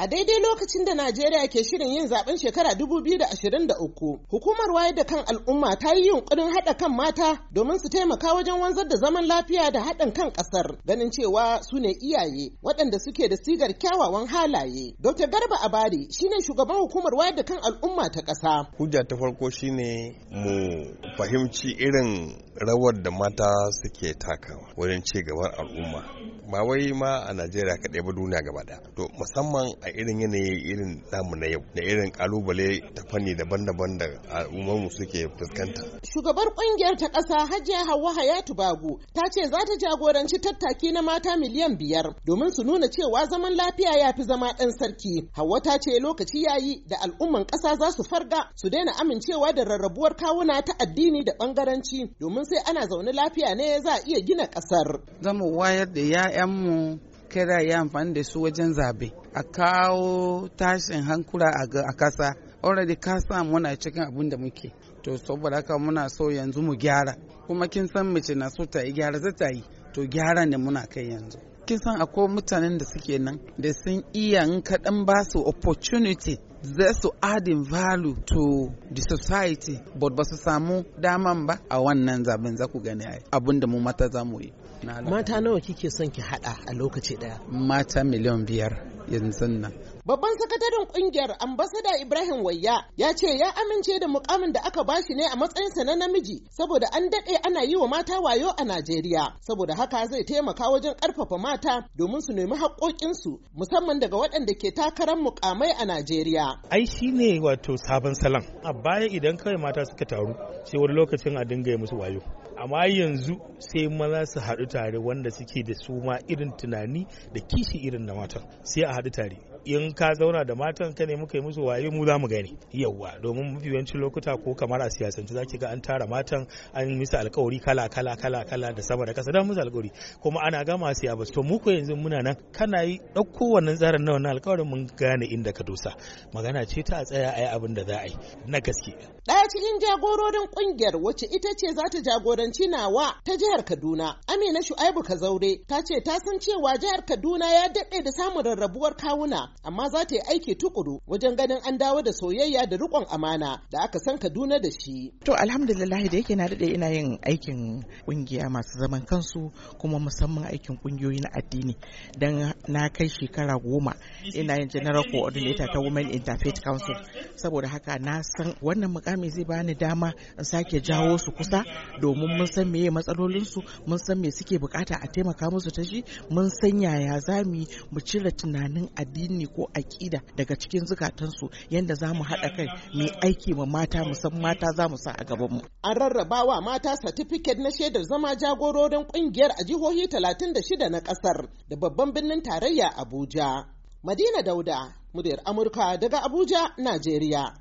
A daidai lokacin da Najeriya ke shirin yin zaben shekara 2023, hukumar wayar da kan al'umma ta yi yunkurin haɗa kan mata domin su taimaka wajen wanzar da zaman lafiya da haɗin kan ƙasar, ganin cewa su ne iyaye waɗanda suke da sigar kyawawan halaye. Dr. Garba Abari shine shugaban hukumar wayar da kan al'umma ta ƙasa. Hujja ta farko shine mu fahimci irin rawar da mata suke takawa wajen ci gaban al'umma. Ba wai ma a Najeriya kaɗai ba duniya gaba ɗaya. To musamman a irin yanayi irin namu na yau da irin kalubale ta fanni daban-daban da al'ummarmu suke fuskanta. Shugabar kungiyar ta ƙasa Hajiya Hauwa Hayatu bagu ta ce za ta jagoranci tattaki na mata miliyan biyar domin su nuna cewa zaman lafiya ya fi zama ɗan sarki. Hauwa ta ce lokaci ya yi da al'umman ƙasa za su farga su daina amincewa da rarrabuwar kawuna ta addini da ɓangaranci domin sai ana zaune lafiya ne za a iya gina ƙasar. Za mu wayar da 'ya'yanmu kada ya amfani da su wajen zabe a kawo tashin hankula a kasa already ka kasa muna cikin abin da muke to saboda haka muna so yanzu mu gyara kuma kin san mace na so ta yi gyara za ta yi to gyara ne muna kai yanzu kin san akwai mutanen da suke nan da sun iya in kaɗan ba su opportunity za su adding value to the society but ba su samu daman ba a wannan zaben za ku gani abin da mu mata za mu yi mata nawa kike son ki hada a lokaci daya mata miliyan biyar yanzu nan babban sakataren kungiyar ambasada ibrahim wayya ya ce ya amince da mukamin da aka bashi ne a matsayinsa na namiji saboda an daɗe ana yi wa mata wayo a najeriya saboda haka zai taimaka wajen ƙarfafa mata domin su nemi haƙoƙinsu musamman daga waɗanda ke takarar mukamai a najeriya ai ne wato sabon salon a baya idan kawai mata suka taru sai wani lokacin a dinga musu wayo amma yanzu sai maza su haɗu tare wanda suke da su ma irin tunani da kishi irin na matan sai a haɗu tare in ka zauna da matan ka ne muka yi musu waye mu za mu gani yauwa domin mafi yawancin lokuta ko kamar a siyasance zaki ga an tara matan an musu alkawari kala kala kala kala da sama da kasa dan musu alkawari kuma ana gama siya ba to mu ko yanzu muna nan kana yi ɗauko wannan tsarin na wannan alkawarin mun gane inda ka dosa magana ce ta a tsaya a yi abin da za a yi na gaske ɗaya cikin jagororin kungiyar wacce ita ce za ta jagoranci nawa ta jihar Kaduna. Amina Shu'aibu Kazaure ta ce ta san cewa jihar Kaduna ya daɗe da samun rarrabuwar kawuna amma za ta yi aiki tukuru wajen ganin an dawo da soyayya da riƙon amana da aka san Kaduna da shi. To alhamdulillah da yake na daɗe ina yin aikin kungiya masu zaman kansu kuma musamman aikin kungiyoyi na addini dan na kai shekara goma ina yin general coordinator ta Women Interfaith Council saboda haka na san wannan mukami zai bani dama in sake jawo su kusa domin mun san meye matsalolinsu mun san me suke bukata a taimaka musu ta shi mun san yaya za mu mu cire tunanin addini ko aƙida daga cikin zukatansu yadda za mu haɗa kai mu aiki ma mata musan mata za mu sa a gaban mu. An rarraba wa mata satifiket na shaidar zama jagororin ƙungiyar a jihohi 36 na ƙasar da babban birnin tarayya Abuja. Madina Dauda, Mudir Amurka daga Abuja, Najeriya.